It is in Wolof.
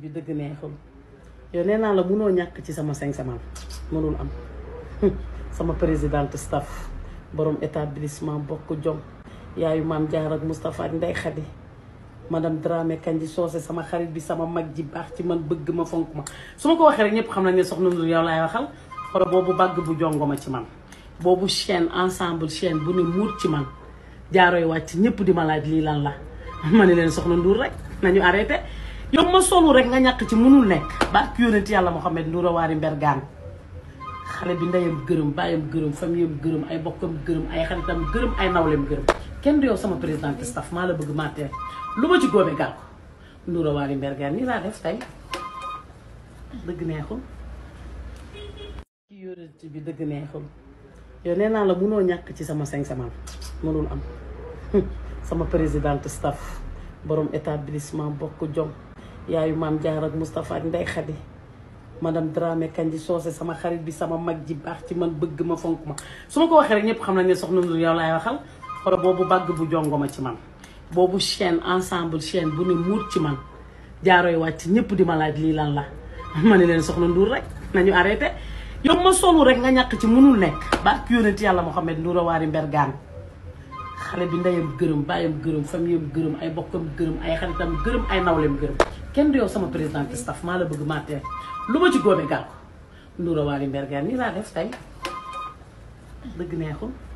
bi dëgg neexul yow nee naa la munoo ñàkk ci sama cinq semaines mënul am sama présidente staff borom établissement bokk jom yaayu maam jaar ak Moustapha ak Ndey Xadi madame Dramé Kandji Socé sama xarit bi sama mag ji baax ci man bëgg ma fonk ma su ma ko waxee rek ñëpp xam nañ ne soxna Ndour yow laay waxal xoro boobu bàgg bu jongo ma ci man boobu chaîne ensemble chaîne bu ne muut ci man jaarooy wàcc ñëpp di ma laaj lii lan la ma ne leen soxna Ndour yow ma solu rek nga ñàkk ci mënul nekk barke yonent yàlla Mouhamed Ndoura Waari Mbergaan xale bi ndeyam gërëm baayam gërëm famiyam gërëm ay bokkam gërëm ay xaritam gërëm ay nawleem gërëm kenn du yow sama président staff maa la bëgg maa lu ma ci góobee gàll ko Ndoura Waari Mbergaan nii laa def tey dëgg neexul ci yonent bi dëgg neexul yow nee naa la mënoo ñàkk ci sama cinq semaines mënul am sama président staff borom établissement bokk jom yaayu maam jaar ak Moustapha ak man Khady drame Dramé Kandji Socé sama xarit bi sama mag ji baax ci man bëgg ma fonk ma su ma ko waxee rek ñëpp xam nañ ne soxna Ndour yow laay waxal xoro boobu bàgg bu jongo ma ci man boobu chaîne ensemble chaîne bu ne muur ci man jaaro jaarooy wàcc ñëpp di ma laaj lii lan la ma ne leen soxla nduur rek nañu arrêté yow ma solu rek nga ñàkk ci mënul nekk barke yonent yàlla Muhammad Ndoura mber Mbergane xale bi ndeyam gërëm baayam gërëm famiyam gërëm ay bokkam gërëm ay xaritam gërëm ay nawleem gërëm kenn du sama président staff maa la bëgg maa teel lu ma ci góobe gàll ko Ndoura Wally Mbergane nii laa def tey dëgg neexul